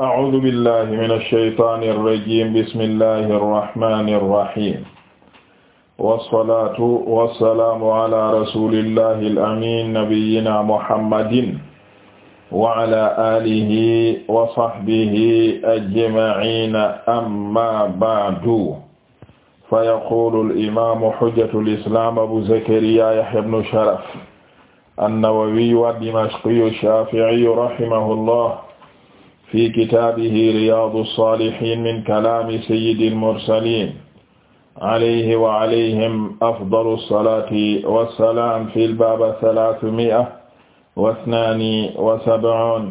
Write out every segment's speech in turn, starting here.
أعوذ بالله من الشيطان الرجيم بسم الله الرحمن الرحيم والصلاة والسلام على رسول الله الأمين نبينا محمد وعلى آله وصحبه أجمعين أما بعد فيقول الإمام حجة الإسلام أبو زكريا يحيى بن شرف النووي الدمشقي الشافعي رحمه الله fi kitaabihi riyaadu saalihiin min kalaami sayyidil mursaliin alayhi wa alayhim afdalu salaati wa salaam fil baab salaasumi'a wa isnaani wa sab'uun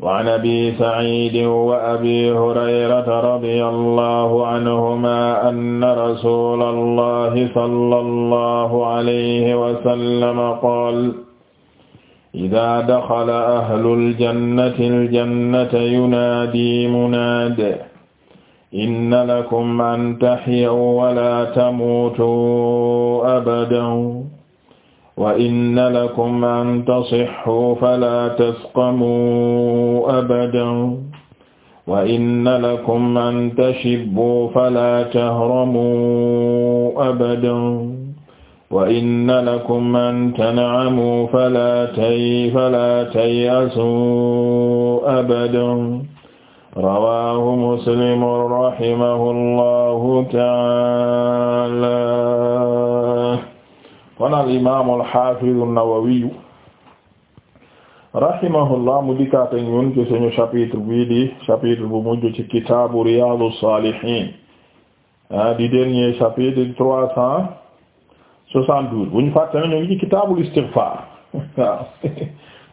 wa an abii sa'iidin wa abii hurayrata radiyallaahu anhumaa anna rasuulallaahi sallallahu alayhi wa sallam qaala ida daxala ahlul jannati aljannata yunaadi munaad inna lakum an taxyaw wala tamuutuu abadan wa inna lakum an tasixxuu fala tasqamuu abadan wa inna lakum an tashibbuu fala tahramuu abadan wa inna lakum an tan'amu fala tay fala tay'asu abadan rawahu muslim rahimahullahu ta'ala kon al imaam al haafiz an-Nawawi rahimahullah mu dikkaat ak ñun ci suñu chapitre bii di chapitre bu mujj ci kitaabu Riyaadus Saalihiin ah di dernier chapitre trois cent 72 bu ñu fàtte ne ñu ngi ci kitaabul istighfar waaw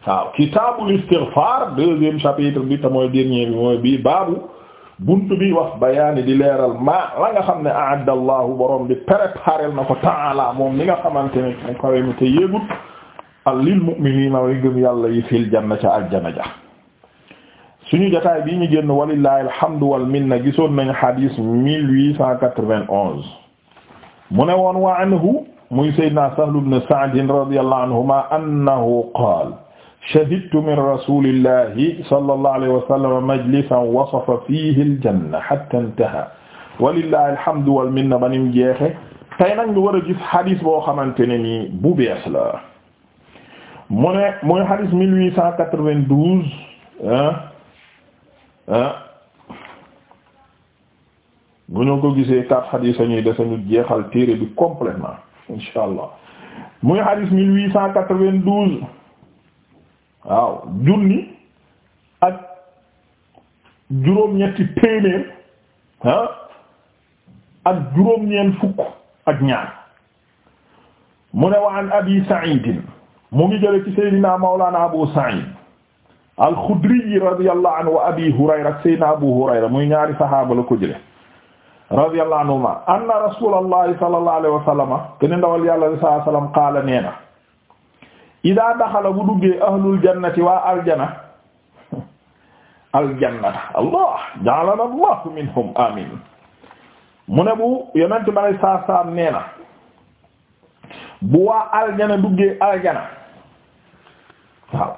waaw kitaabul istighfar deuxième chapitre bi te mooy dernier mooy bii baabu buntu bi wax bayaani di leeral ma la xam ne a'adda Allahu borom bi préparé na ko ta'ala moom mi nga xamante ne mu kawe mi te yéegut lil mu'minina way gëm yàlla yi fil janna ca aljana ja suñu jotaay bii ñu génn walillahi alhamdu wal minna gisoon nañu hadith 1891 mu ne woon wa anhu muy sayyidina Sahl ibn Sa'd radiyallahu anhuma annahu qaala shahidtu min rasulillahi sallallahu alayhi wa sallam majlisan wasafa fihi aljanna hatta intaha walillahi alhamdu wal minna ba nim jeexe tey nag ñu war a gis hadis boo xamante ne nii bu bees la mu ne muy hadis 1892 ah ah bu ñu ko gisee quatre hadis ñuy dese ñu jeexal téere bi complètement insha allah muy hadis mille huit cent quatre-vingt-douze waaw junni ak juróom-ñetti téeméer ah ak juróom-ñeent fukk ak ñaar mu ne wa an abi Sa'id mu ngi jële ci Seydina Mawlana Abu Sa'id al-Khudri radiyallahu anhu wa abi Hurayra ak Seydina Abu Hurayra muy ñaari saxaaba la ko jële radiyallahu anhuma anna rasulallahi sallallahu alayhi wa sallama yàlla sallallahu alayhi wa qaala nee idaa daxala bu duggee ahlul jannati waa aljana aljannata allah ja'alana allah minhum amin mu ne bu yonent bi alayhi salaatu salaam bu waa aljana duggee aljana waaw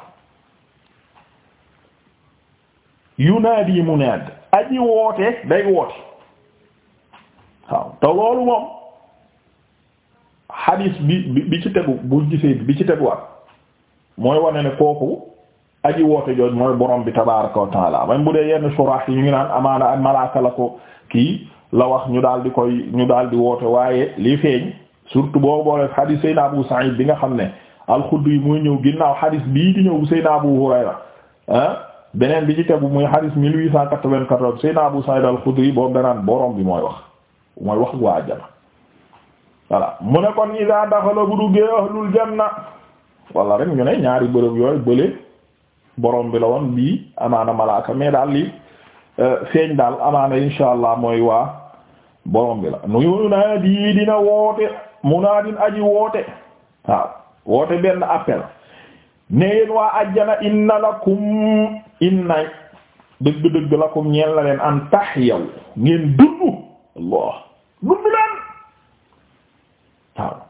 yunaadi munaad aji woote day woote waaw te loolu moom xadiis bi bi ci tegu bu gisee bi ci teguwaat mooy wane ne kooku aji woote jooj mooy borom bi ko wa taala même bu dee yenn surah yi ñu ngi naan amaana ak malaaka la ko kii la wax ñu daal di koy ñu daal di woote waaye li feeñ surtout boo boolee xadiis Seydina Abu Sa'id bi nga xam ne alxudri yi muy ñëw ginnaaw xadiis bii di ñëw Seydina Abu Hurayra ah beneen bi ci tegu muy xadiis 1894 Seydina Abu Sa'id alxudri yi boobu danaan bi mooy wax. mooy wax waa ajjana voilà mu ne kon iza daxala bu duggee ahlul janna wala rek ñu ne ñaari bërëb yooyu bële borom bi la woon bii amaana malaaka mais daal li euh, feeñ daal amaana insha allah mooy waa borom bi la nuyu naa di dina woote munaadin aji woote waaw woote benn appel ne yéen waa ajjana inna lakum inna dëgg-dëgg lakum ñeel leen an tax yow ngeen dundu dund leen waaw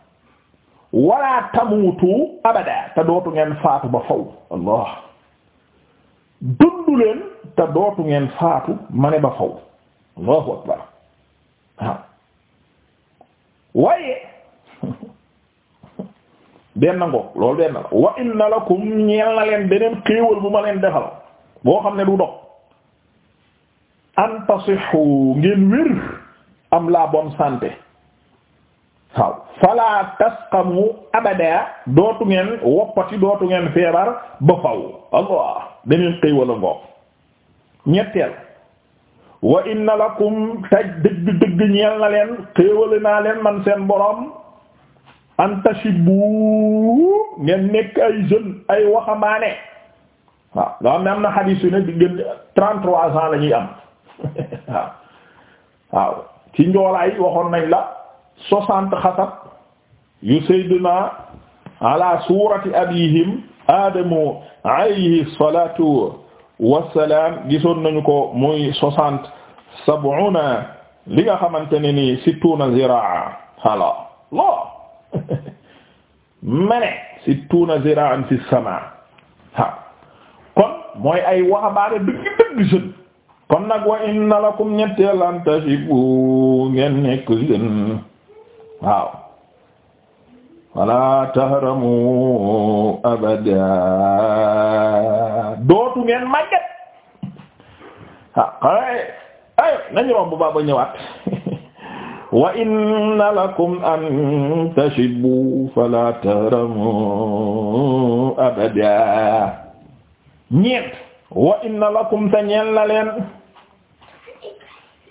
wala tamuutu abada te dootu ngeen faatu ba faw allah dund leen te dootu ngeen faatu ma ne ba faw allahu waaw waaye benn ngoog loolu benn la wa inna lakum ñeel na leen beneen xéewal bu ma leen defal boo xam ne du dox an ngeen wér am la bonne santé waaw fala tasqamu abada dootu ngeen woppati dootu ngeen feebar ba faw allah beneen xëy wala ngoom ñetteel wa inna lakum taj dëgg dëgg ñeel na leen xéewale naa leen man seen borom an tashibu ngeen nekk ay jeune ay waxambaane waaw nga xam ne am na xadiis yu ne diggante 33 ans la am waaw waaw ci njoolaay waxoon nañ la soixante xasab yu sayyidina ala surati abihim adamu alayhi salatu gisoon nañu ko muy soixante sab'una li nga xamante ne ni sittuna ziraa xala lo mene sittuna ziraan fi sama ha kon mooy ay waxambaane dëgg dëgg jeune kon nag wa inna lakum ñetteel an tashibu ngeen nekk jeune waaw wala tahramu abada dootu ngeen màgget ah ay ay nañu romb ba ba ñëwaat wa inna lakum an tashibu fala tahramu abada ñeent wa inna lakum ta ñeel na leen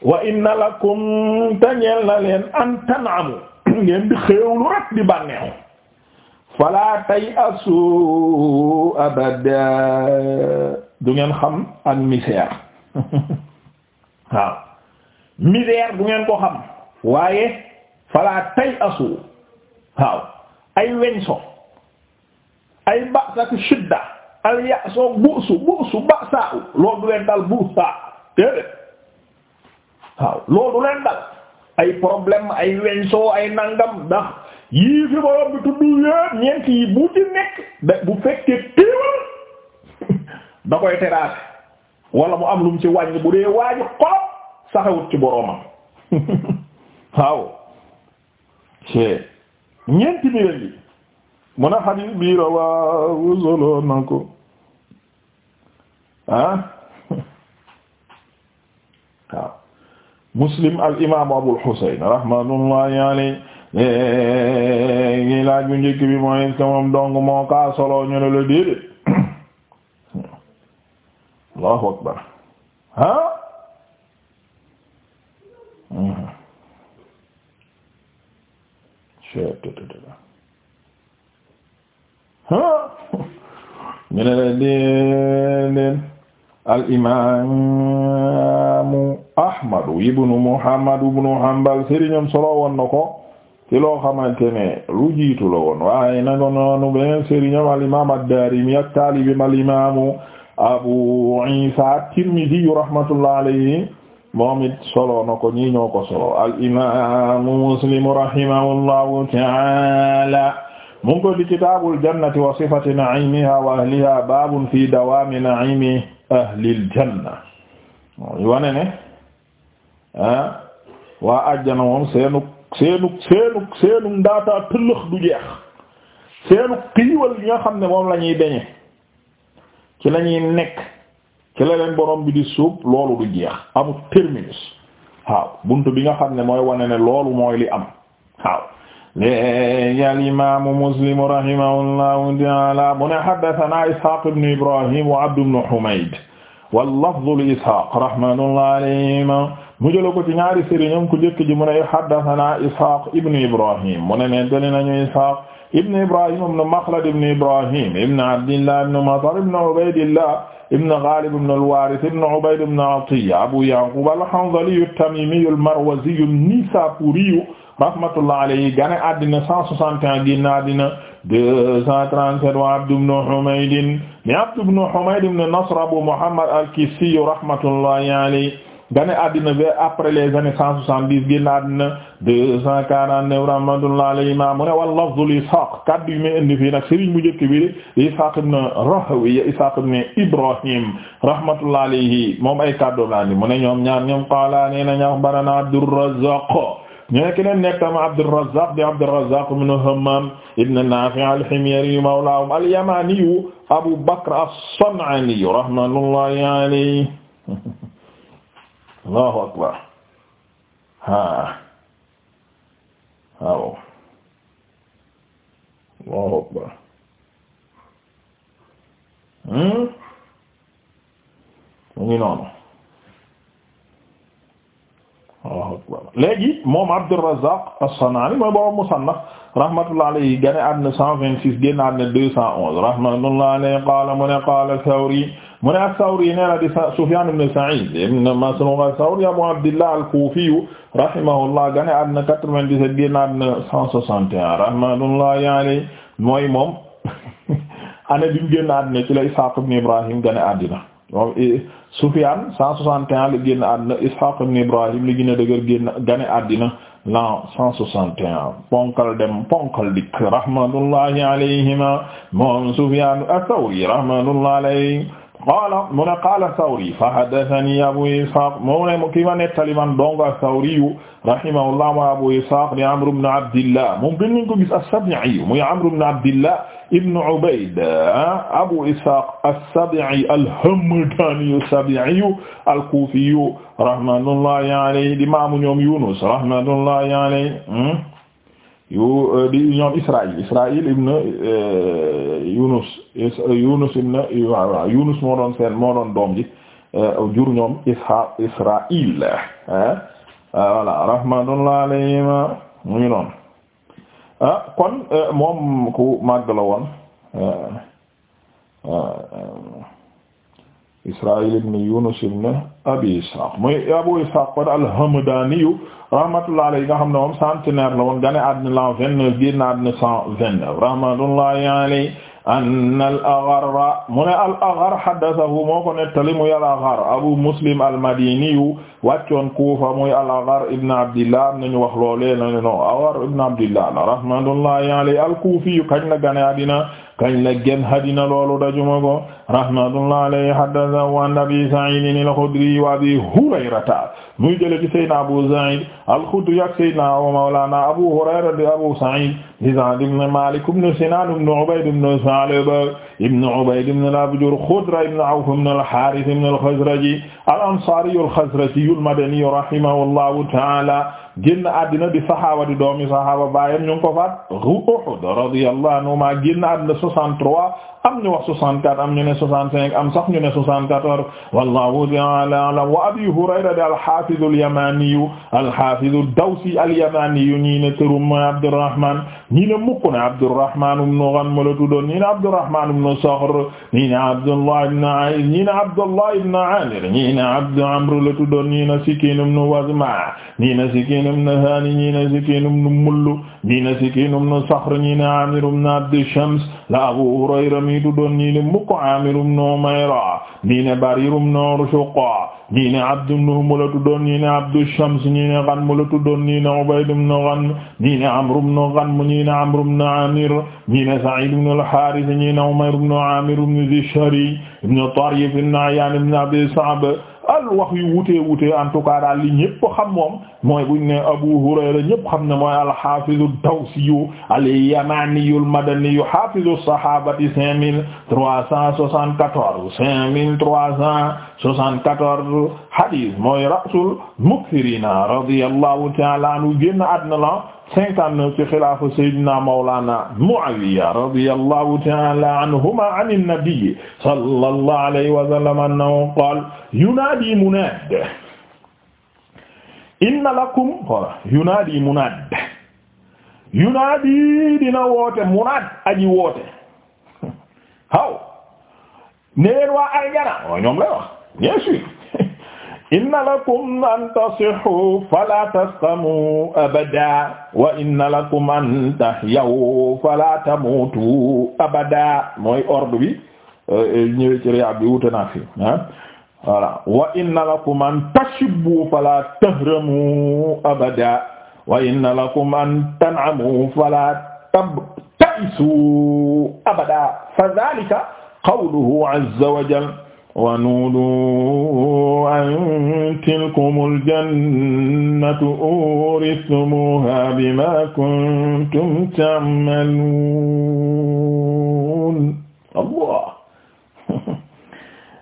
wa inna lakum tañeel na leen an tanamu ngeen di xéewlu rek di bànneew fala tay asu abada du ngeen xam ak misère waaw misère du ngeen ko xam waaye fala tay asu ay weñso ay basak shidda al yaso busu busu basa loolu du leen dal busa waaw loolu leen dal ay problème ay weñsoo ay nangam ndax yii fi borom bi tudd yépp ñeent yi bu ci nekk bu fekkee téewal da koy teraase wala mu am lum mu ci wàññi bu dee waaji xolop saxewut ci boromam waaw ci ñeenti bi leen yi mun a xadiis bii rawaahu solo na ko ah waaw muslim al imaamu abul husayn rahmatullahi alayhi léegi laaj bu njëkk bi mooy est-ce que moom dong moo kaa solo ñu ne la déedéet allahu akbar ah ñu ne la déedéet al imaamu Ahmadu ibnu Muhammad ibnu Hanbal sëriñam solo woon na ko ci loo xamante ne lu jiitu la woon waaye na nga noonu beneen sëriñam al imaam ad-Daarimi ak taalibim al imaamu Abu Iisa at-Tirmidi rahmatullah alayhi moom it solo na ko ñi ñoo ko solo al imaamu Muslim rahimahullahu ta'ala mu ngi ko di kitaabul jannati wa sifati na'iimiha wa ahliha baabun fi dawaami na'iimihi ahlil janna yu wane ne ah, waa àjjana moom seenuk seenuk seenuk seenuk ndaataa tëllëx du jeex seenuk xiiwal yi xam ne moom lañuy beñe ci lañuy nekk ci la leen borom bi di suub loolu du jeex amul terminus waaw bunt bi nga xam ne mooy wane ne loolu mooy li am waaw léegi alimaamu Muslim rahimahullahu ta'ala mu ne haddathana Ishaq ibn Ibrahim wa Abd ibn Humayd wal lafzu li Ishaq rahmatullahi alayhima mu jëloon ko ci ñaari sëriñam ku njëkk ji mu ne haddathana Ishaq ibn Ibrahim mu ne nettali nañu Ishaq ibn Ibrahim ibn Makhlad ibn Ibrahim ibn Abdillah ibn Matar ibn Ubaydillah ibn Ghalib ibn al-Warith ibn Ubayd ibn Atiyya Abu Ya'qub al-Hanzali at-Tamimi al-Marwazi an-Nisapuri rahmatullah alayhi gane addina 161 génn addina 237 wa Abd ibn Humayd mi Abd ibn Humayd ibn Nasr Abu Muhammad al-Kissi rahmatullahi alayhi gane addina vers après les années 170 génn addina 249 rahmatullah alayhi ma mu ne wal lafzu li Ishaq kaddu yu may indi fii nag sëriñ mu njëkk bi de Ishaq ibn Rahawiya Ishaq ibn Ibrahim rahmatullah alayhi moom ay kaddu laa ni mu ne ñoom ñaar ñoom qaala nee na ñax barana Abdurrazzaq ñu ne keneen nekk tam Abdurrazzaq di Abdurrazzaq ibn Hammam ibn Nafi' al-Himyari mawlahum al-Yamani Abu Bakr as-San'ani rahmatullahi alayhi Allahu akbar ha waaw Allahu akbar hmm? mu ngi noonu Allahu akbar léegi moom Abdurrazzaq as-San'ani mooy borom Musannaf rahmatullahi alayhi gane àddina 126 génn àddina 211 rahmatullahi alayhi qaala mu ne qaala Sa'id ibn Masruq Abu Abdillah al-Kufi rahimahullah gane àddina 97 génn àddina 161 rahmatullahi alayhi mooy bi mu Ishaq ibn Ibrahim gane àddina Sufyaan cent soixante et un la génn àddina Ishaq ibn Ibrahim li gën a dëgër génn gane l'an ponkal dem ponkal dikk rahmatullahi alayhima moom Sufyaan ath-Thawri rahmatullahi alayhi qaala mu ne qaala Sawri fa haddathani Abu Ishaq mu ne ki ma nettali man dong Sawri rahimahullah wa Abu Ishaq di Amr ibn Abdillah moom gën nañ ko gis as-Sabi'i muy Amr ibn Abdillah ibn Ubayd ah, Abu Ishaq as-Sabi'i al-Hamdani as-Sabi'i al-Kufi rahmatullahi alayhi di maamu ñoom Yunus rahmatullahi alayhi hmm. yu euh, di ñoom Israël Israël ibn euh, Yunus euh, Yunus ibn Yunus moo doon seen moo doon doom ji jur ñoom Isha Israël voilà rahmatullah alayhima mu ngi noonu ah, kon moom ku màgg la woon Israa'il ibn Yunus ibn Abi Ishaq muy Abu Ishaq kon al-Hamdani rahmatullahi alayhi nga xam ne moom centenaire la woon gane àddina l'an vingt-neuf génn àddina cent vingt-neuf rahmatullahi alayhi anna al-Agharr mu ne al-Agharr haddathahu moo ko nettali muy al-Agharr Abu Muslim al-Madini wàccoon Kufa muy al-Agharr ibn Abdillah am nañu wax loolee la ne non Agharr ibn Abdillah rahmatullahi alayhi al-Kufi kañ la gane àddina kañ la génn àddina loolu dajuma ko rahmatullah alayhi haddathahu an Abi Sa'id al-Khudri wa Abi Hurayrata muy jële ci Seydina Abu Sa'id al-Khudri ak Seydina wa mawlana Abu Hurayra di Abu Sa'id di Sa'd ibn Malik ibn Sinan ibn Ubayd ibn Sa'laba ibn Ubayd ibn al-Abjar Khudra ibn Awf ibn al-Harith ibn al-Khazraji al-Ansari al-Khazraji al-Madani rahimahullahu ta'ala génn àddina di saxaaba di doomi saxaaba baayam ñu ngi ko faat ru Uhud radiyallahu anhuma génn àddina 63 am ñu wax 64 am ñu ne 65 am sax ñu ne 64 wallahu ta'ala a'lam wa Abi Hurayra di al-Hafiz al-Yamani al-Hafiz ad-Dawsi al-Yamani ñi ne turum Abdurrahman ñi ne mukk ne Abdurrahman ibn Ghanm la tuddoon ñi ne Abdurrahman ibn Sakhr ñi ne Abdullah ibn A'iz ñi ne Abdullah ibn Amir ñi ne Abd Amr la tuddoon ñi ne Sikin ibn Wazma ñi ne Sikin ibn Haani ñii ne Sikiin ibn Mull ñii ne Sikiin ibn Saxr ñii ne Aamir ibn Abdi Shams la Abu Hurayra mi tuddoon ñii ne mukk Aamir ibn Umayra ñii ne Bariir ibn Urshuqa ñii ne Abd ibn Humm la tuddoon ñii ne Abdu Shams ñii ne Ganm la tuddoon ñii ne Ubayd ibn Ganm ñii ne Amr ibn Ganm ñii ne Amr ibn Aamir ñii ne Sa'iid ibn al-Haaris ñii ne Umayr ibn Aamir ibn Zishri ibn Taryif ibn Ayyaan ibn Abi Sa'b al wax yu wutee wutee en tout cas daal li ñépp xam moom mooy buñ ne Abu Hurayra ñépp xam ne mooy al-Hafiz ad-Dawsi al-Yamani al-Madani hafiz as-sahabati cinq mille trois cent soixante-quatorze cinq mille trois cent soixante-quatorze hadith mooy ra'sul mukthirina radiyallahu ta'ala anhu génn àddina la 59 ci xilaafa sayyidina mawlana Muawiya radiyallahu ta'ala anhuma an an-nabi sallallahu alayhi wa sallam annahu qala yunadi munad inna lakum yunadi munad yunadi dina woote munad aji woote haw ne leen waa aljana ñoom lay wax bien sûr inna lakum an tasihhu fala tasqamu abada wa inna lakum an tahyaw fala tamutu abada mooy ordre bi euh, ñëwee ci riab bi wuute naa fi ah voilà wa inna lakum an tashibbu fala tahramu abada wa inna lakum an tan'amu fala tabta'isu abada fa dhalika qawluhu azza wa jalla wa nuudu an tilkumul jannatu uuristumuuhaa bimaa kuntum ta'maluun Allah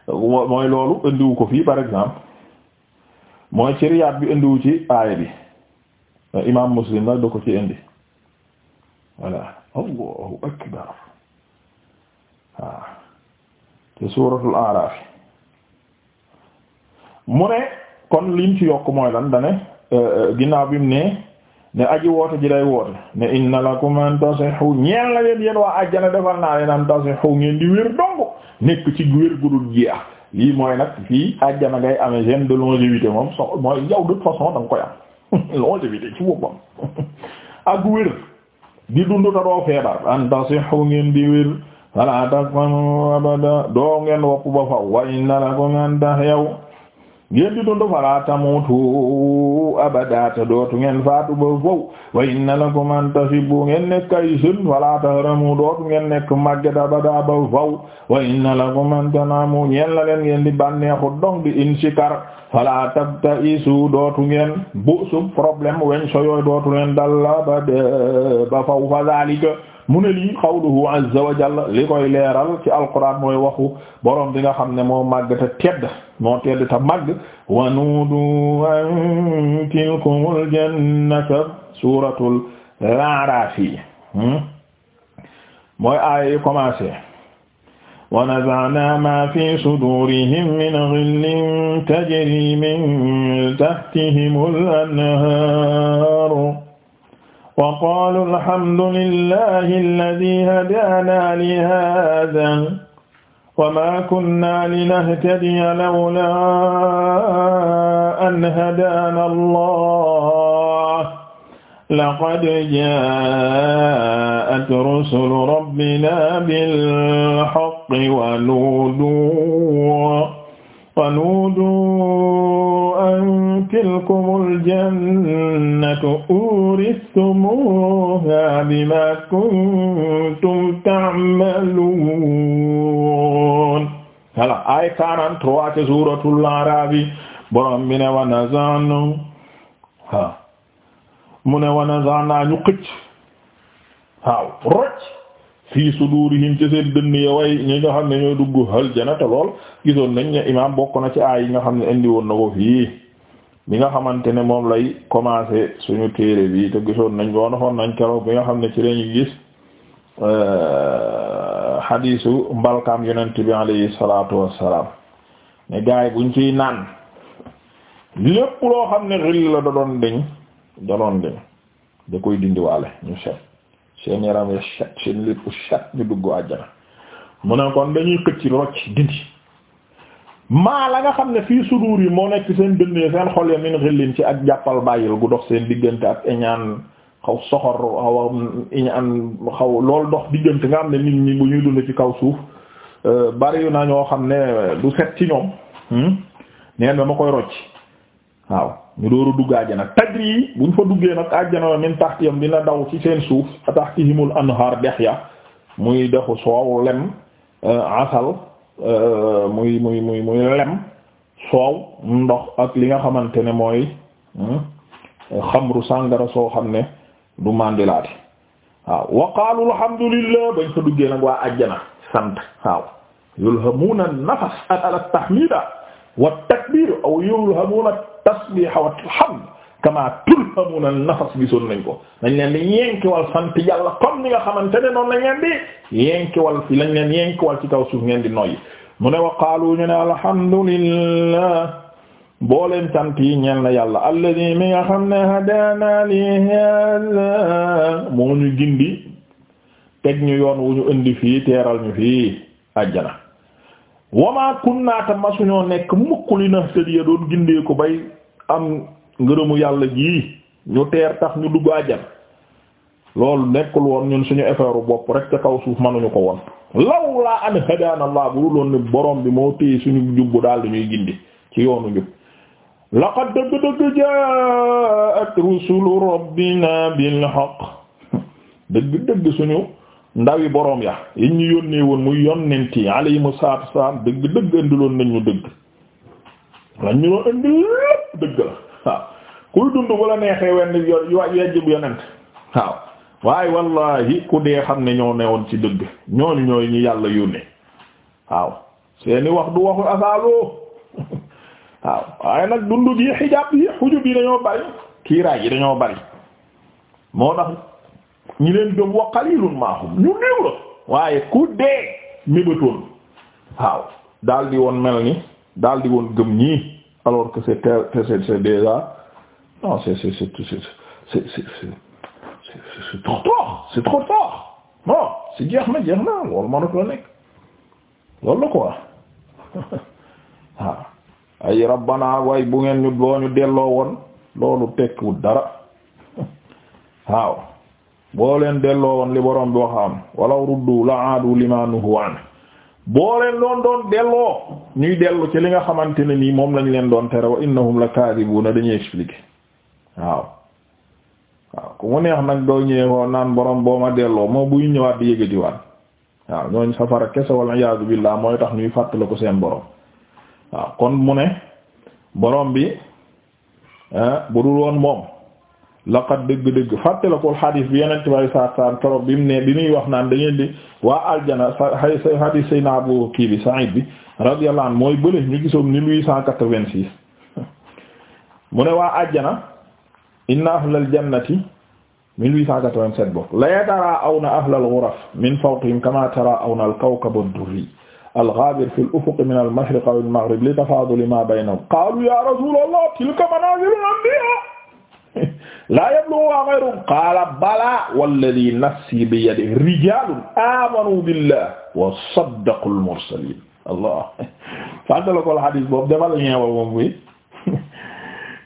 mooy loolu indiwu ko fii par exemple mooy ci Riyaad bi indiwu ci aaya bi imaam Muslim nag da ko ci indi voilà Allahu akbar ci suuratul A'raaf mu ne kon liñ ci yokk mooy lan da ne eh, eh, bi mu ne ne aji woote ji woote ne inna lakum an tasihhu ñeel na leen yéen waa àjjana defal naa leen an tasihhu ngeen di wér dong nekk ci wér gudul jeex lii mooy nag fii àjjana ngay amee gene de longévité moom so mooy yow de façon da koy am longévité ci boppam ak wér di dund ta doo feebar an tasihhu ngeen di wala taqanu abada doo ngeen wopp ba faw wa inna lakum an tahyaw ngeen di dundu fala tamutu abada te dootu ngeen faatu ba faw wa inna lakum an tasibu ngeen nekk ay jeune wala tahramu dootu ngeen nekk màgget abada ba faw wa inna lakum an tanamu ñeen la leen ngeen di bànneexu dong di insikar wala tabta isu dootu ngeen bu su problème weñ so yooy dootu leen dal ba faw fa zalika mu ne lii qawluhu azza wa jalla li koy leeral ci alquran mooy waxu borom bi nga xam ne moo màgg te tedd moo tedd te màgg wa nuudu an tilkumul jannata suuratul A'raaf mooy aaya yi commencé wa naza'naa maa fii suduurihim min ghillin tajrii min tahtihimul anhaaru wa qaalu alhamdu lillahi alladi hadaana li haadaa wa maa kunna linahtadiya lawlaa an hadaana allah laqad jaa'at rusulu rabbinaa bilhaqqi wa nuuduu wa nuuduu tilkumul jannatu uristumuha bima kuntum ta'malun voilà ay 43 ci suuratul A'raaf borom bi ne wa naza'na ha mu ne wa naza'na ñu xëcc waaw rocc fii sudurihim ci seen dënn ya way xam ne ñoo dugg hal janata lool gisoon nañ ne imaam bokk na ci ay yi nga xam ne indi woon na fii bi nga xamante ne moom lay commencer suñu téere bi te gisoon nañ boo waxoon nañ keroog bi nga xam ne ci lañu gis xadiisu euh, mbalkaam yonent bi alayhi salaatu wassalaam ne gaay buñ ciy naan lépp loo xam ne xill la da doon deñ da doon deñ da koy dindiwaale ñu set seen yaram ya set seen lépp set ñu duggu àjjana mu ne kon dañuy xëcc rocc dindi maa la nga xam ne fii suduur yi moo nekk seen dënn yi seen xol ya min xillin ci ak jàppal bàyyil gu dox seen diggante ak iñaan xaw soxor xaw iñaan xaw loolu dox diggante nga xam ne nit ñi bu ñuy dund ci kaw suuf euh, bari na ñoo xam ne du set ci ñoom hmm? neen dama koy rocc waaw ñu dooru dugg àjjana tajri yi buñ fa duggee nag àjjana min taxtiyam dina daw ci seen suuf taxtihimul anhar dex ya muy dexu soow lem euh, asal Euh, muy muy muy muy lem soow ndox ak li nga xamante ne mooy hmm, xamru sàngara soo xam ne du mandilaate waaw wa qaalu alhamdulillah bañ fa duggee nag waa ajjana sant waaw yulhamuuna an-nafas ala at-tahmida wa at-takbir aw yulhamuuna at-tasbiha wa al-hamd kama turhamuna nafas gisoon nañ ko dañ leen di yenkiwal sant yàlla comme ni nga xamante ne noonu lañ leen di yenkiwal fi lañ leen yenkiwal ci kaw suuf ngeen di noyyi mu ne wa qaalu ñu ne alhamdulillah booleen sant yi ñeel la yàlla alladi mi nga xam ne hadana li hada moo ñu gindi teg ñu yoon wu ñu indi fii teeral ñu fii àjjana wama kunnaata masuñoo nekk mukk li na tëdiya doon gindee ko bay am ngërëmu yàlla jii ñu teer tax ñu dugg àjjan loolu nekkul woon ñun suñu effort bopp rek ca kaw suuf mënuñu ko woon law laa an hadaana bu loon ni borom bi moo téye suñu jubbu daal di ñuy gindi ci yoonu njub laqad dëgg-dëgg jaat rusulu rabbina bil haqq dëgg-dëgg suñu ndawi borom ya yi ñu yónnee woon muy yonent yi alayhimu salaatu wa salaam dëgg-dëgg indiloon nañ ñu dëgg lañ ñu doon indi lépp dëgg la waaw kuy dund bu la neexee wenn yejjib yonent waaw waaye wallahi ku dee xam ne ñoo woon ci dëgg ñooñu ñooy ñi yàlla yónnee waaw seeni wax du waxu asaaloo waaw waaye nag dund gi dañoo bari kiiraay yi dañoo bari moo tax ñi leen gëm wa qalilun maahum ñu néew la waaye ku dee mébatoon waaw daldi woon mel ni daldi woon gëm ñii alors que c'est c'est déjà non c'est c'est c'est c'est c'est trop tard c'est trop tard si jeex na jeex na loolu mënatu la nekk loolu la quoi waaw ah. ay rabbana way bu ngeen ñu boo ñu delloo woon loolu tekkiwul dara waaw boo leen delloo woon li borom bi wax am walaw ruddu la aadu limaa nuhu boo leen doon doon delloo ñuy dellu ci li nga xamante ne nii moom lañ leen doon tere wa innahum la kaadibuuna dañuy expliquer waaw waaw ku mu neex nag doo ñëwee naan boroom boo ma delloo moo buy ñëwaat di yëgati waat waaw ñooñ safara kese wal iyaadu billaah mooy tax ñuy fàttaliku ko seen borom waaw kon mu ne boroom bi eh, bu dul woon moom laqad dëgg-dëgg fàtte la ko xadis bi yeneen tubaab yi saa saa bi mu ne bi muy wax naan da ngeen di waa aljana sa xadis say naa kii bi Sa'id bi radiyallahu anhu mooy bële ñu gisoon 1886 mu ne waa aljana in ahlal jannati 1887 bokk la yataraawna ahlal ghuraf min fawqihim kama taraawna al-kawkab ad fi al min al-mashriq aw al-maghrib li tafaaduli ma baynahum qaalu ya rasulallah tilka manaazilul anbiyaa laa yabluwa ghayrum qaala balaa walladhi nafsi bi yadihi rijaalun aamanu billahi wa saddaqul mursaliin allah fàttala ko xadiis boobu defal ñeewal moom bi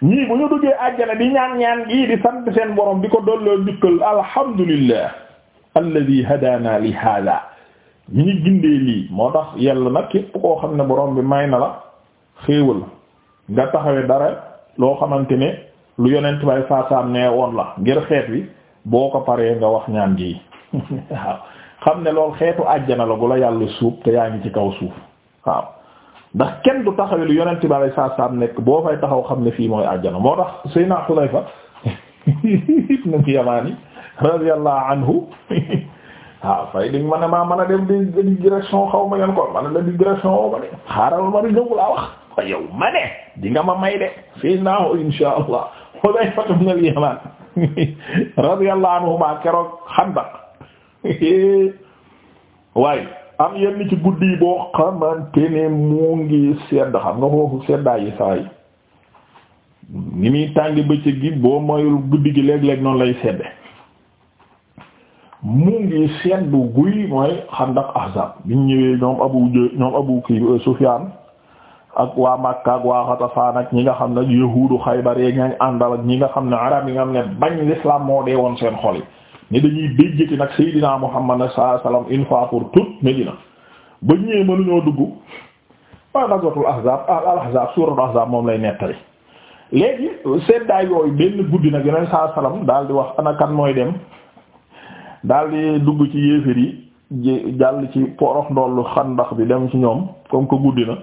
ñii bu ñu duggee àjjana di ñaan ñaan gii di sant borom di ko dolloo ndikkal alhamdulillah alladhi hadaana mi ñu gindee lii moo tax yàlla nag képp koo xam ne borom bi may na la xéewal nga taxawee dara loo xamante ne lu yonent bay saasaam nee woon la ngir xeet wi boo ko paree nga wax ñaan gi waaw xam ne lool xeetu àjjana la gu la yàlla suub te yaa ngi ci kaw suuf waaw ndax kenn du taxawee lu yonent bay saasaam nekk boo fay taxaw xam ne fii mooy àjjana moo tax Seydina Xudayfa ibn Yamaani radiyallahu anhu waaw fay di ma ne a dem di digression xaw ma ngeen ko man la digression woo ma de xaaral ma di ñëw laa wax yow ma ne di ma may de fii naaw insha allah Hudayfa ibn al-Yaman radiyallahu waaye am yenn ci guddi yi boo xamante mu ngi sedd xam nga foofu seddaay yi saa yi ni muy tàngi bëccëg gi boo moyul guddi gi léeg-léeg noonu lay sedde mu ngi seddu guy mooy Xandaq Ahzab biñ ñëwee ñoom abu ñoom abu kii Sufyaan ak waa Makka ak waa Xatafaan ak ñi nga xam ne yahuudu Xaybar yeeg ñañ ñi nga xam ne arab yi nga xam ne bañ l'islam moo dee woon seen xol yi ni dañuy béjjati nag Seydina Muhammad sallallahu na wasallam une fois pour toutes Medina ba ñëwee mënuñoo dugg waa ghazwatul ahzab al ahzab suuratul ahzab moom lay nettali léegi seddaay yooyu benn guddi nag yeneen saa daal di wax ana mooy dem daal di dugg ci yéeféer yi jàll ci porox ndollu xandax bi dem ci ñoom comme que guddi na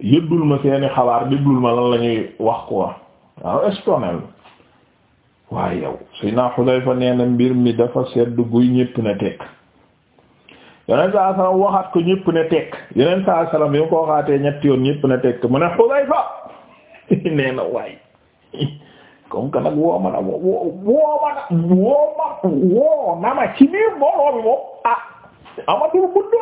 yëddul ma seeni xabaar déglul ma la ñuy wax quoi waaw estonel waaye yow Seydina Xudayfa nee na mbir mi dafa sedd guy ñépp ne tekk yeneen saa salaam waxaat ko ñépp ne tekk yeneen saa salaam yo ko waxaatee ñetti yoon ñépp ne tekk mu ne Xudayfa nee na waay comme que nag woo ma na woo woo ma na woo ma woo na ma ci biir mbooloo bi moom ah amatul gudd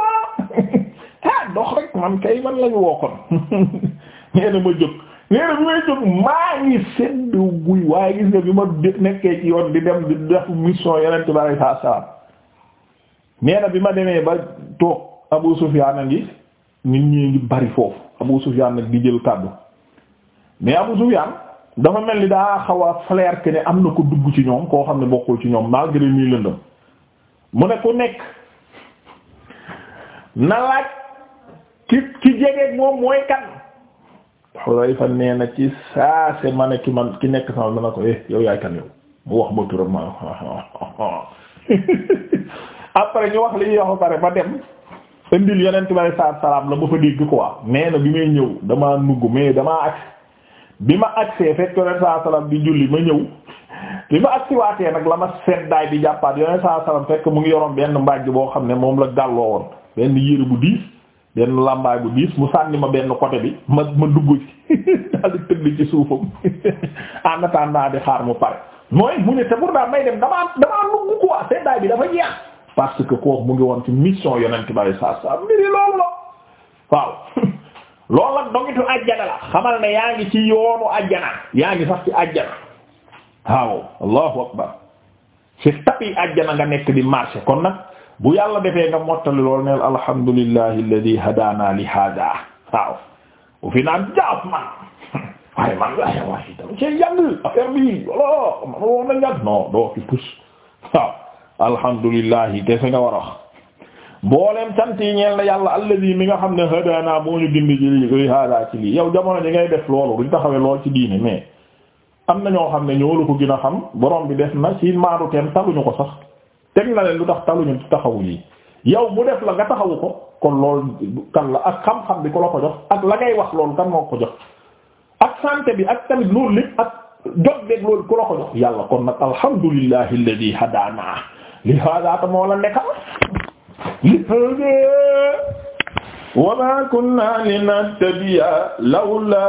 ah dox rek man kay man lañu wokkoon nee na ma jóg nee na bi may jóg maa ngi sedd guy waaye gis nga bi ma nekkee ci yoon di dem di def mission yonent bi alei saatu salam nee bi ma demee ba toog Abu Sufyaan a ngi nit ñi ngi bari foofu Abu Sufyaan nag di jël kàddu mais Abu Sufyaan dafa mel ni daa xawa a flair am na ko dugg ci ñoom koo xam ne bokkul ci ñoom malgré muy lëndëm mu ne ku nekk na laaj ki ki jegeeg moom mooy kan Xudayfa nee na ci saa se ma ne ki man ki nekk sama dana ko eh yow yaay kan wax ma turam ma wax li ñuy wax ba pare ba dem indil yonent bi alayhi salaatu salaam la ba fa dégg quoi nee na bi may ñëw damaa nugg mais dama agsi bi ma agsee fekk yonent salaatu salaam bi julli ma ñëw bi ma agsi waatee nag la ma seddaay bi jàppaat yonent salaatu salaam fekk mu ngi yoroon benn mbàjj boo xam ne moom la gàlloo woon benn yére bu diis benn làmbaay bu diis mu sànni ma benn côté bi ma ma dugg ci daal di ci suufam en attendant di xaar mu pare mooy mu ne te pourtant may dem damaa damaa lugg quoi seddaay bi dafa jeex parce que kooku mu ngi woon ci mission yonent bari saa saa mbiri loolu la waaw loolu la dogitu ajjana la xamal ne yaa ngi ci yoonu ajjana yaa ngi sax ci ajjana waaw allahu akbar ci tapi ajjana nga nekk di marché kon nag bu yàlla defee nga mottali lool neel alhamdulillahi li hada waaw bu fi naan jaaf man waaye man waaye waa alhamdulillahi kese nga war a wax mboolem cant yi ñeel na yàlla alladhi mi nga xam ne hadaana moo ñu gindi ci lii hada ci lii yow jamono ji ngay def loolu duñ taxawee lool ci diini mais am na ñoo xam ne ñoo lu ko gin a xam boroom bi def na ci maadu teen taguñu ko sax teg na leen lu tax taluñu taxawu yi yow mu def la nga taxawu ko kon loolu kan la ak xam-xam bi ko la ko jox ak la ngay wax loolu kan moo ko jox ak santé bi ak tamit loolu lépp ak jot beeg loolu ku la ko jox yàlla kon nag alhamdulillahi alladhi hadana li hada ta moo la nekkal li hada wa ma kunna linahtadiya lawla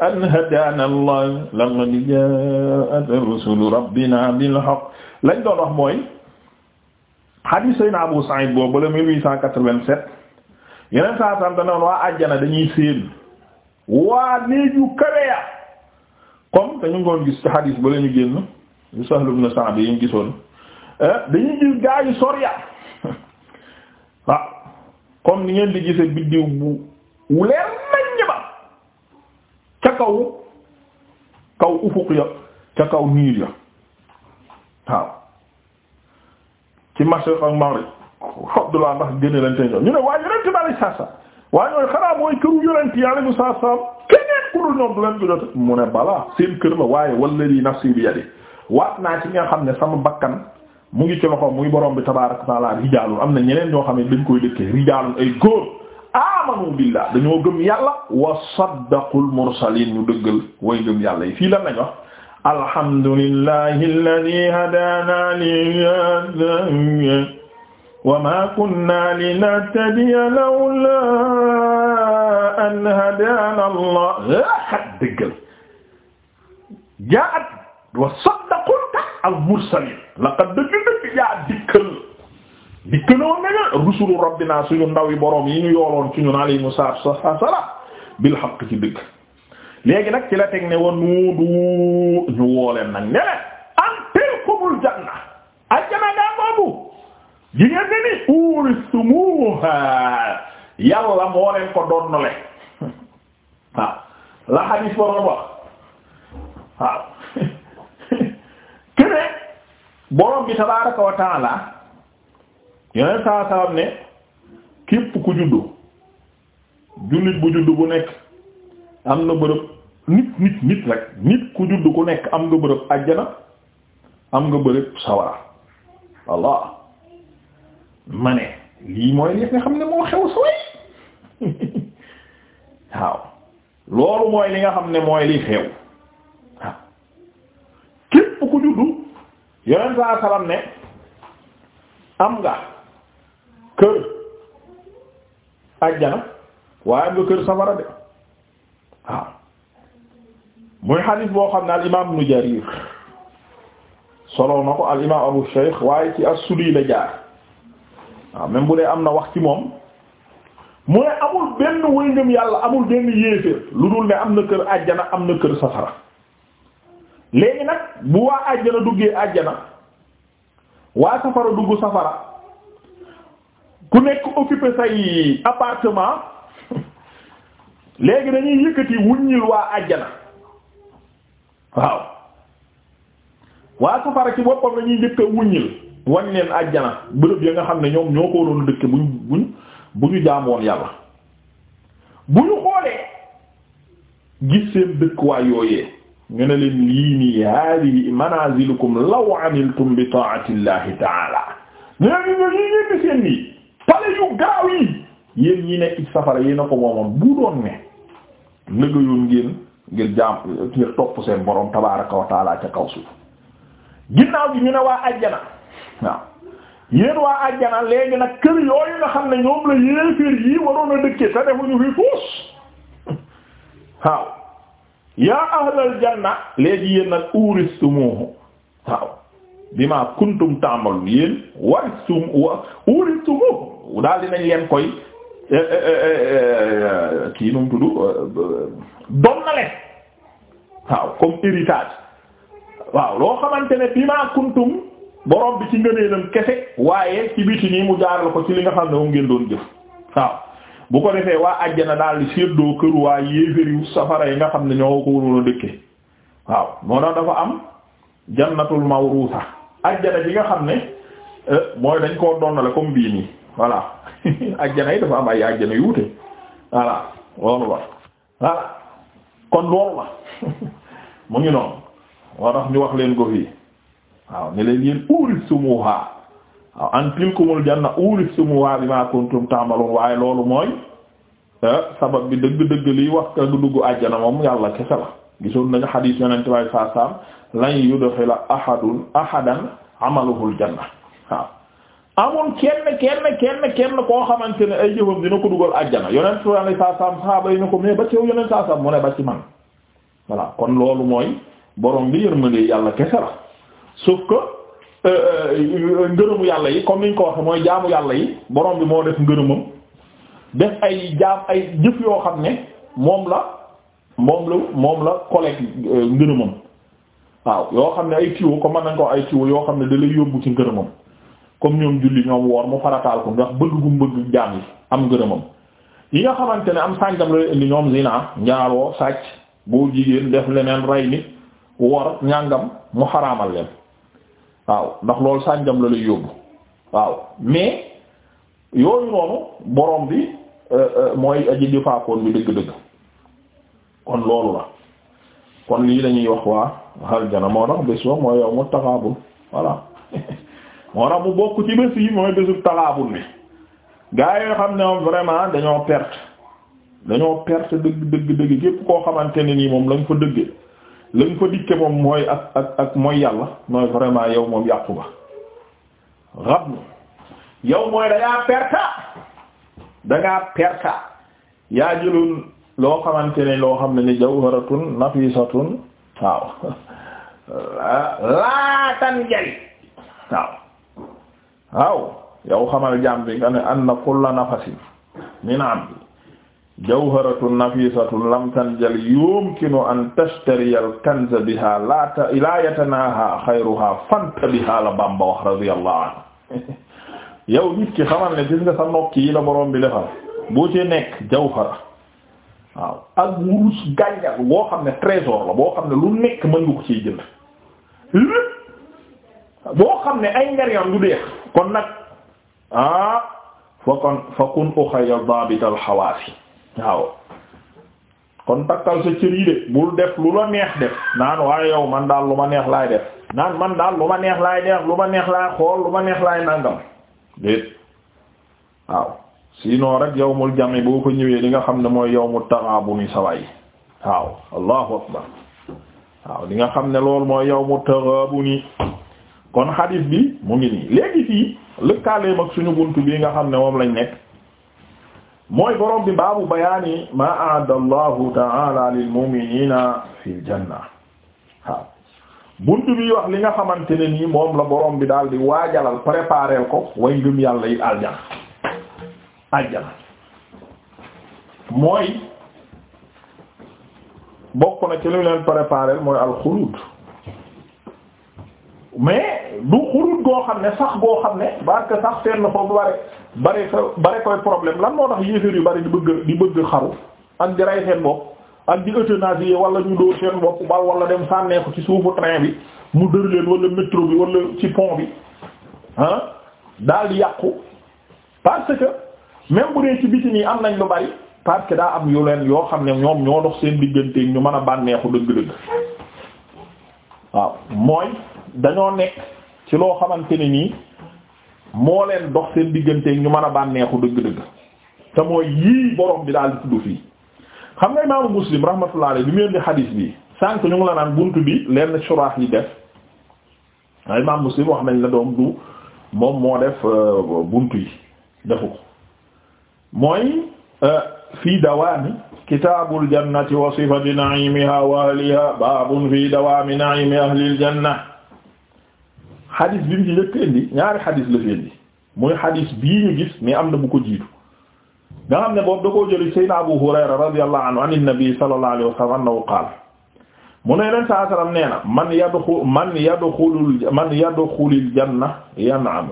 an hadana allah lamma ja'a rusulu rabbina bil haqq lañ doon wax mooy xadiis sayna Abu Sa'id boobu ba le 1887 yeneen saa sant na waa àjjana dañuy séen waa néegu kawe ya comme dañu ngoon gis ci xadiis ba la ñu génn yu Sahl ibn Sa'd bi ñu gisoon eh, dañuy gis gaa yu sori ya waaw ah, comme ni ngeen di gise biddiw bu wu leer ba ca kaw kaw ufuq ya ca kaw niir ya waaw ci mashriq ak maghrib Abdullah ndax génne lañ tey ñoom ñu ne waaye yonent bari sasa waaye ñooy xanaa mooy këru yonent yàlla mu saa keneen ku dul ñoom leen ko jot mu ne balaa seen kër la waaye walladi nafsi bi yadi waat naa ci nga xam ne sama bakkan mu ngi ci loxo muy borom bi tabaaraka taala rijaalun am na ñeneen ñoo xam ne dañ koy dëkkee rijaalun ay góor amanu billah dañoo gëm yàlla wa saddaqul mursaliin ñu dëggal way gëm yàlla yi fii lan lañ wax alhamdulillahi alladhi hadana li hadha wa ma kunna linahtadiya lawla an hadana Allah dëggal jaat wa saddaqta al mursalin laqad dëgg-dëgg jaat dikkal dikkaloon nañu rusulu rabbina suñu ndaw yi boroom yi ñu yooloon ci ñun alayhimu salaatu wa salaam bil haqq ci dëgg léegi nag ci la teg ne woon nuudu ñu woo leen nag ne leen antilkumul janna aljana daa boobu ji ngeen ne ni uristumuha yàlla moo leen ko donnale waaw la xadiis waroon wax waaw kene borom bi tabaaraka wa taala yeneen saa saa ne képp ku juddu jullit bu juddu bu nekk am na bërëb nit nit nit rek nit ku judd ku nekk am nga bërëb àjjana am nga bërëb sawara walla ma ne lii mooy li nga xam ne moo xew saway waaw loolu mooy li nga xam ne mooy li xew waaw képp ku juddu yonent saa salam ne am nga kër àjjana waaye am nga kër sawara de waaw muy xadis boo xam ne al imaam ibnu Jarir solo na ko al imaam Abu Shaykh waaye ci as-Sudi la jaar waaw même bu dee am na wax ci moom mu ne amul benn wëy yàlla amul benn yéeféer lu dul ne am na kër àjjana am na kër safara léegi nag bu waa àjjana duggee àjjana waa safara dugg safara ku nekk occupé say appartement léegi dañuy yëkkati wuññil waa àjjana waaw waa safara ci boppam la ñuy njëkk a wuññil wañ leen àjjana bërëb ya nga xam ne ñoom ñoo ko doon dëkk buñ buñ bu ñu jaamoon yàlla bu ñu xoolee gis seen dëkkuwaay yooyee ñu ne leen lii nii hadihi manazilukum law amiltum bi taati llahi taala ñu ne ñu ñi ñénn seen nii pale yu gaaw yi yéen ñi nekk ci safara yéen a ko moomoon bu doon ne lëgëyoon ngeen ngir jaam ngir topp seen borom tabaaraka wa taala ca kaw suuf ginnaaw gi ñu ne waa ajjana waaw yéen waa ajjana léegi nag kër yooyu nga xam ne ñoom la yéeféer yi waroon a dëkkee te defuñu fi fuus waaw yaa ahlal janna léegi yéen nag uuristumuhu waaw bima kuntum ta'malun yéen waristum wa uuristumuhu daal dinañ leen koy eh, eh, eh, kii num tudd doon na waaw comme héritage waaw loo xamante ne bi maa kuntum borom bi ci ngëneelam kese waaye ci biti nii mu jaaral ko ci li nga xam ne moom ngeen doon jëf waaw bu ko defee waa àjjana daal di séddoo kër waa yéefériw safara yi nga xam ne ñoo ko waroon a dëkke waaw moo tax dafa am jannatul mawrusa àjjana bi nga xam ne eh, mooy dañ koo donnale comme bii nii voilà àjjana yi dafa am ay àjjana yu wute voilà loolu la kon loolu la mu ngi noonu moo tax ñu wax leen ko fii waaw ne leen yéen uristumuha waaw an tilkumul janna uristumuha bima kuntum ta'malun waaye loolu mooy eh, sabab bi dëgg-dëgg liy wax ka dugg àjjana moom yàlla kese la gisoon nañu xadiis yonent bi sallallahu alayhi wasallam lan yudxila ahadun ahadan amaluhul janna waaw amul kenn kenn kenn kenn koo xamante ne ay jëfam dina ko dugal àjjana yonent sallallahu alayhi wasallam saaba yi ne ko mais ba ci yow yonent sallallahu mu ne ba ci man voilà kon loolu mooy borom bi yërmande yàlla kese la sauf que euh, euh, ngërëmu yàlla yi comme niñ ko waxe mooy jaamu yàlla yi bi moo def ngërëmam def ay ay jëf yoo xam ne moom la moom la moom la collecte euh, ngërëmam waaw yoo xam ne ay tiwo comme mën nañ ko ay tiwo yoo xam ne da lay yóbbu ci ngërëmam comme ñoom julli ñoom woor mu farataal ko ndax bëgg gum jaam yi am ngërëmam yi nga xamante ne am sàngam la indi ñoom zina njaaloo sàcc boo jigéen def leneen rey nit wor ñàngam mu xaraamal leen waaw ndax loolu sànjam la la yóbbu waaw mais yooyu noonu borom bi euh, euh, mooy aji di faakoon bi dëgg-dëgg kon loolu la kon lii lañuy wax waa xaljana moo tax bés wa mooy taxaabul voilà moo tax mu bokk ci bés yi mooy bésu talaabul bi gaa yoo xam ne vraiment dañoo perte dañoo perte dëgg dëgg dëgg képp koo xamante ne nii moom lañ fa dëggee lañ fa dikke moom mooy ak ak mooy yàlla mooy vraiment yow moom yàqu ba rab yow mooy dangaa perte dangaa perte yaa jëloon loo xamante ne loo xam ne ni jawharatun nafisatun waaw laa tan waaw waaw yow xamal jaam bi nga ne anna kulla nafasin min abdi jawharatun nafisatun lam tanjal yumkinu an tashtariya al kanza biha la yatanaha xayruha fanta biha la Bamba wax radiyallahu anhu yow nit ki xamal ne gis sa nokk yi la borom bi defal ci nekk jawhara waaw ak wurus gànjar xam ne trésor la boo xam ne lu nekk mën nga ko ciy boo xam ne ay njariñam du deex kon nag ah fa kon fa kun uxaya dabital xawaasi waaw kon takkal sa cër de bul def lu la neex def naan waaye yow man daal lu ma neex laay def naan man daal lu ma neex laay def lu ma neex laay xool lu ma neex laay nangam déet waaw sinon rek yawmul jami boo fa ñëwee li nga xam ne mooy yawmu taxaabuni saway waaw allahu akbar waaw li nga xam ne loolu mooy yawmu taxaabuni kon xadiis bi mu ngi nii léegi fii lëkkaaleem ak suñu bunt bii nga xam ne moom lañ nekk mooy borom bi baabu bayaani ma aada allahu taala lil muminina fil janna waaw buntu bi wax li nga xamante ne nii moom la borom bi daal di waajalal prépareel ko way ngëm yàlla yi aljana aljana mooy bokk na ci li leen prépareel mooy alxuluud mais du xurut goo xam ne sax goo xam ne parce que sax seen na foofu bare bare bare koy problème lan moo tax yéeféer yu bari di bëgg di bëgg xaru ak di rey seen bopp ak di euthanasie wala ñu dóor seen bopp bal wala dem sànnee ko ci suufu train bi mu dër leen wala métro bi wala ci pont bi ah daal di yàqu parce que même bu dee ci biti nii am nañ lu bari parce que daa am yu leen yoo xam ne ñoom ñoo dox seen diggante ñu mën a bànneexu dëgg-dëgg waaw dañoo nekk ci loo xamante ne nii moo leen dox seen digganteeg ñu man a bànneexu dëgg-dëgg te mooy yii borom bi daal di tudd fii xam nga imaamu muslim rahmatullah alayhi bi mu indi xadiis bi sànq ñu ngi la naan buntu bi lenn surah yi def waaye imam muslim wax nañ la doom du moom moo def euh, bunt yi defu mooy euh, fii dawaami kitaabul jannati wa sifati wa ahliha babun fii dawaami naimi ahlil janna xadis bi mu ci njëkk indi ñaari xadis la fi indi muy xadis bii ñu gis mais am na bu ko jiitu nga xam ne boobu da koo jëli sayyidina Abu Hurayra radiyallahu anhu an nabi sallallahu alayhi wa sallam annahu qaala mu ne leen saa sallam nee na man yadxu man yadxulul man yadxulil janna yan'am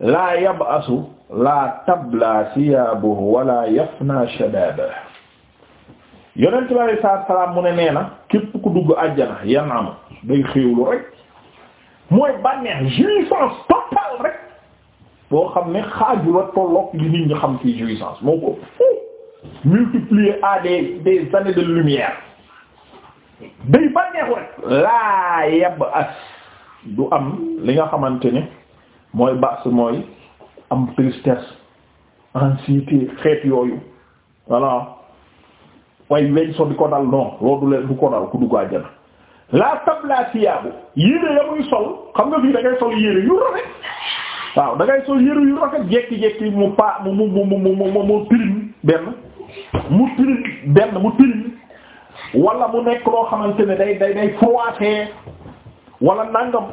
laa yab'asu laa tabla siyaabuhu wala yafna shadaabuhu yonent bi alayhi salaam mu ne nee na képp ku dugg àjjana yan'am day xéewlu rek mooy bànneex jouissance totale boo xam ne xaaju la tolloog li nit ñi xam ci jouissance moo ko fu multiplier à des des années de lumière day bànneexu rek laa yebb as du am li nga xamante ne mooy bas mooy am tristesse anxiété xeet yooyu voilà way weñ so di ko dal non loolu du leen du ko dal ku dugg àjjana la tabla siyaabu yére ya sol xam nga fii dangay ngay sol yére yu rafet waaw da ngay sol yére yu rafet jekki-jekki mu pa mu mu mu mu mu tilim benn mu tilim benn mu tilim wala mu nekk loo xamante ne day day day froissé wala nangam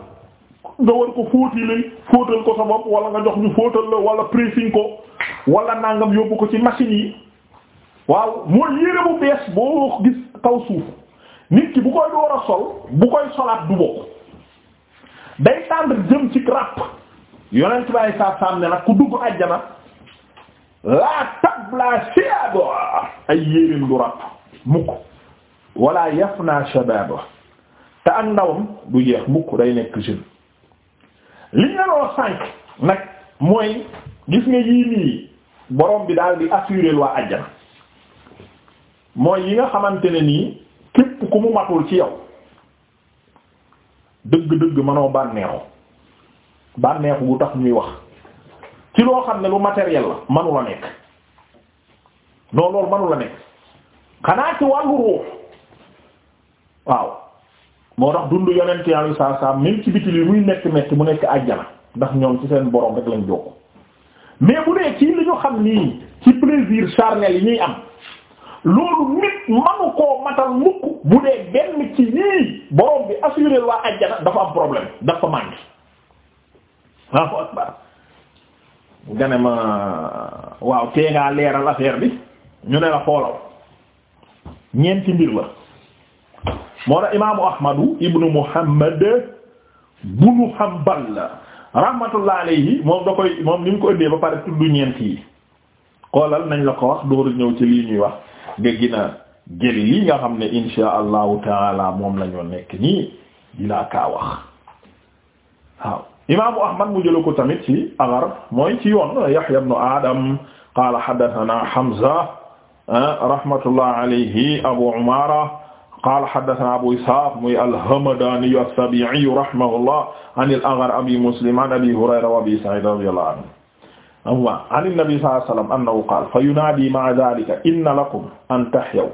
nga war ko fóotilee fóotal ko sa bopp wala nga jox ñu fóotal la wala pressing ko wala nangam yóbbu ko ci machine yi waaw mooy yére bu bees boo gis kaw suuf. nit ki bu koy door a sol bu koy solaat du bokk day tendre jëm ci ràpp yonent baay saa saam ne nag ku dugg àjjana laa tabla siyaabo ay yéreem du ràpp mukk wala yafna shabaaba te ak ndawam du jeex mukk day nekk jeune li nga loo nag mooy gis nga yii nii borom bi daal di assurer waa àjjana mooy yi nga xamante ne nii képp ku mu matul ci yow dëgg-dëgg mënoo bànneexu bànneexu bu tax ñuy wax ci loo xam ne lu matériel la manu la nekk non loolu manu la nekk xanaa ci wàllu ruux waaw moo tax dund yonent yàlla saa saa même ci biti li muy nekk metti mu nekk àjjana ndax ñoom ci seen borom rek lañ jokk mais bu dee ci li ñu xam nii ci plaisir charnel yi ñuy am loolu nit manu koo matal mukk bu dee benn ci yii borom bi assuré waa ajjana dafa am problème dafa manqué waaw akbar nga ma waaw tee ngaa leeral affaire bi ñu ne la xoolal ñeenti mbir la moo na imaamu ahmadu ibnu muhammad bunu hanbal rahmatullah alayhi moom da koy moom ni mu ko ëndee ba pare tudd ñeent yi xoolal nañ la ko wax dooru ñëw ci lii ñuy wax nga gën a jël yi nga xam ne insha allahu taala moom la ñoo nekk nii dinaa kaa wax waaw imaamu ahmad mu jëla ko tamit ci agar mooy ci yoon yahya ibnu adam qaala xadathana hamza ah, rahmatullah alayhi abu umara qaala xadathana abu ishaq muy alhamadaniyu assabiiyu rahimahullah an al agar abi muslim an abi hurayra wa abi sa'id radiyallahu anhu amwa an innabi sallallahu alayhi wa sallam annahu qaala fa yunaadi ma'a dhaalika inna lakum an tahyaw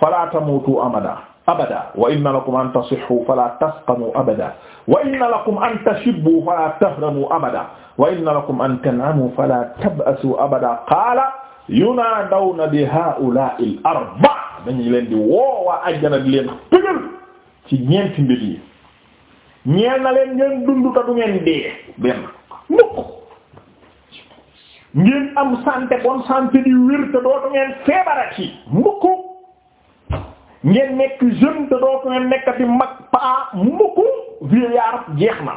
falaa tamuutu abada abada wa inna lakum an tasihhu falaa tasqamu abada wa inna lakum an tashibbu falaa tahramu abada wa inna lakum an tan'amu falaa tab'asu abada qaala yunaadawna bi haa'ulaa'il arba'a dañu leen di woowaa àjjana di leen tëgal ci ñeenti mbir yi ñeel na leen ngeen dund te du ngeen dee benn mukk ngeen am santé bonne santé di wér te dootu ngeen feebarati mukk ngeen nekk jeune te dootu ngeen nekkati mag paa mukk vieillard jeex na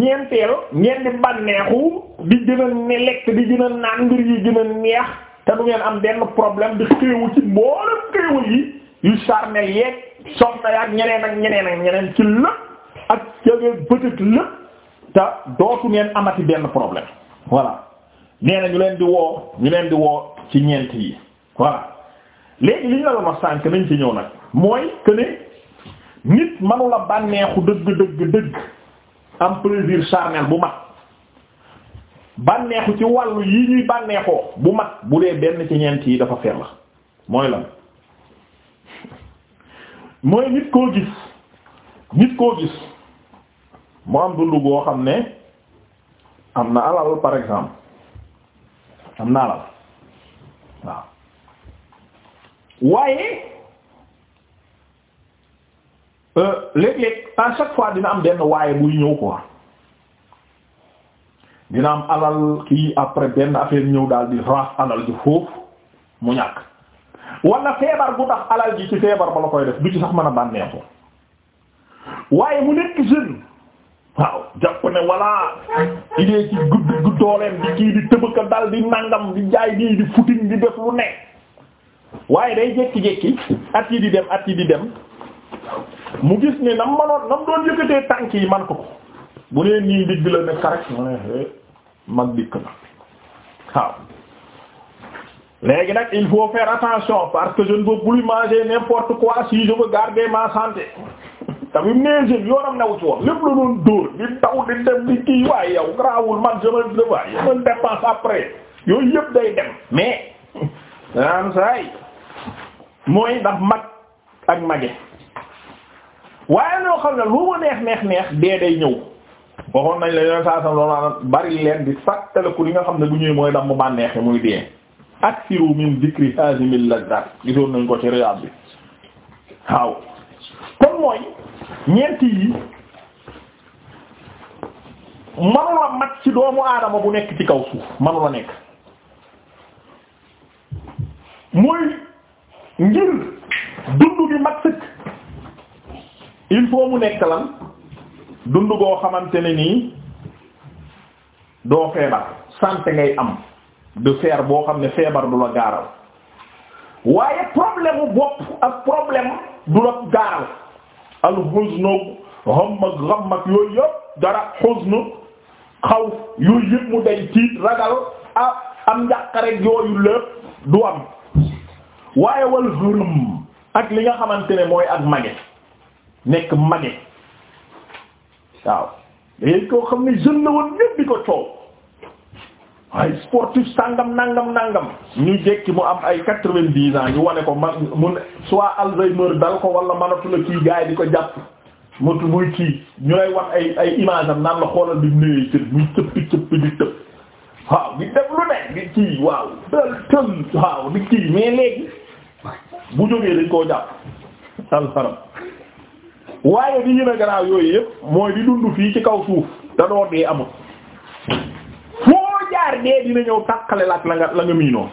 ñeenteel ngeen di bànneexu di gën a lekk di gën a naan mbir yi neex te du ngeen am benn problème di xéewu ci mboolem xéewal yi yu charnel yeeg soxna yaak ñeneen ak ñeneen ak ñeneen ci lépp ak ca ngeen bëtët te dootu ngeen amati benn problème voilà nee na ñu leen di woo ñu leen di woo ci ñeent yi voilà léegi li ñu la doon wax sànk nañ ci ñëw nag mooy que ne nit manula bànneexu dëgg dëgg dëgg am plaisir charnel bu mat bànneexu ci wàllu yi ñuy bànneexoo bu mat bu dee benn ci ñeent yi dafa fer la mooy la mooy nit koo gis nit koo gis mu am dund goo xam ne am na alal par exemple am na alal waaw waaye euh, léeg-léeg à chaque fois dina am benn waaye buy ñëw quoi dina am alal kii après benn affaire ñëw daal di raas alal ji foofu mu ñàkk wala feebar bu tax alal ji ci feebar ba la koy def du ci sax mën a bànneexu waaye mu nekk jeune waaw jàpp ne voilà idée ci gudd guddooleen di kii di tëbëka dal di nangam di jaay di di footing di def lu waaye day jekki-jekki at yi di dem at yi di dem mu gis ne nam manoon nam doon yëkkatee tànk yi man ko ko bu nee nii ndigg la nekk rek eh, mag dikk na waaw léegi nag il faut faire attention parce que je ne peux plus manger n'importe quoi si je ko garder ma santé tamit neeseeg yoonam newu ci woon la doon dóor di taw di dem di kii waaye yow garaawul man sama waaye man yooyu yëpp day dem mais am ah, say mooy ndax mag ak mage waaye loo lu ma neex neex neex dee day ñëw waxoon nañ la yoon saa sam loolu maanaam bari leen di fàttaliku li nga xam ne bu ñëwee mooy dam mu bànneex muy dee aksiru min dikri hazimil lazat gisoon nañ ko ci Riyad bi waaw kon mooy ñeenti yi manula mat ci doomu aadama bu nekk ci kaw suuf manula nekk muy ngir dund gi mat sëkk il faut mu nekk lan dund goo xamante ne nii doo feebar santé ngay am de fer boo xam ne feebar du la gaaral waaye problème bopp ak problème du la gaaral alxuznu xam ak xam ak yooyu yëpp dara xuznu xaw yooyu yëpp mu day tiit ragal am njàqare yooyu lépp du am waaye wal hërëm ak li nga xamante ne mooy ak mage nekk mage waaw léegi koo xam ne jeune la woon ñépp ko coow waaye sportif sangam nangam nangam ñu jekki mu am ay quatre-vingt-dix ans ñu wane ko man mu ne soit Alzheimer dal ko wala manatu la kii gars di ko jàpp motu muy kii ñu lay wax ay ay image am naan la xoolal di néew cër muy di tëb waaw di def lu ne di kii waaw dal tël waaw di kii mais léegi bu jógee dañ koo jàpp waaye di gën a garaaw yooyu yëpp mooy di dund fii ci kaw suuf da dee amul jaar dee dina ñëw tàqale la ak la la nga miinoon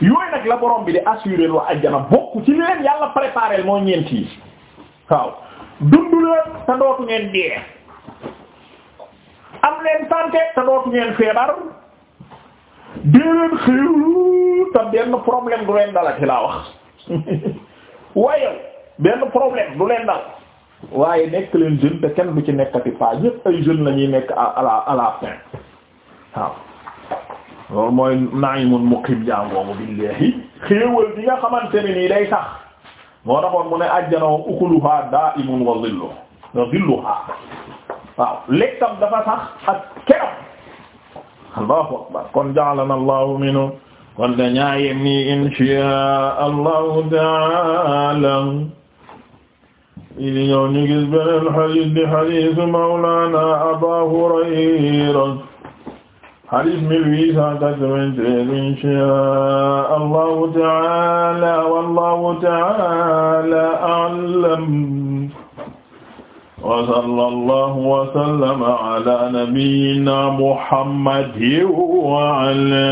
yooyu nag la borom bi di assurer wa ajjana bokk ci li leen yàlla préparé moo ñeent yi waaw dundu leen te dootu ngeen dee am leen santé te dootu ngeen feebar dee leen xéew te benn problème du leen dala ci laa wax waaye benn problème du leen dal waaye nekk leen jeune te kenn du ci nekkati pas ñépp ay jeune la ñuy nekk à la à la fin waaw loolu mooy na'imun muqim jàngoobu billahi xéewal bi nga xamante ne nii day tax moo taxoon mu ne ajjana ukuluha da'imun wa dhillu wa dhilluha waaw lekkam dafa sax ak keram allahu akbar kon ja'alana allahu minhu kon dañaa yem nii insha allahu taala yi di ñëw ñu gis beneen hadith di hadith mawlana aba hurayra hadis mille huit cent quatre-vingt-treize inshaa Allahu ta'ala wallahu ta'ala a'lam wa sallallahu wa sallama ala nabiyyina Muhammadin wa ala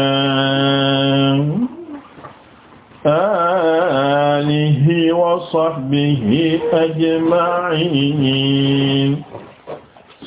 alihi wa sahbihi ajma'in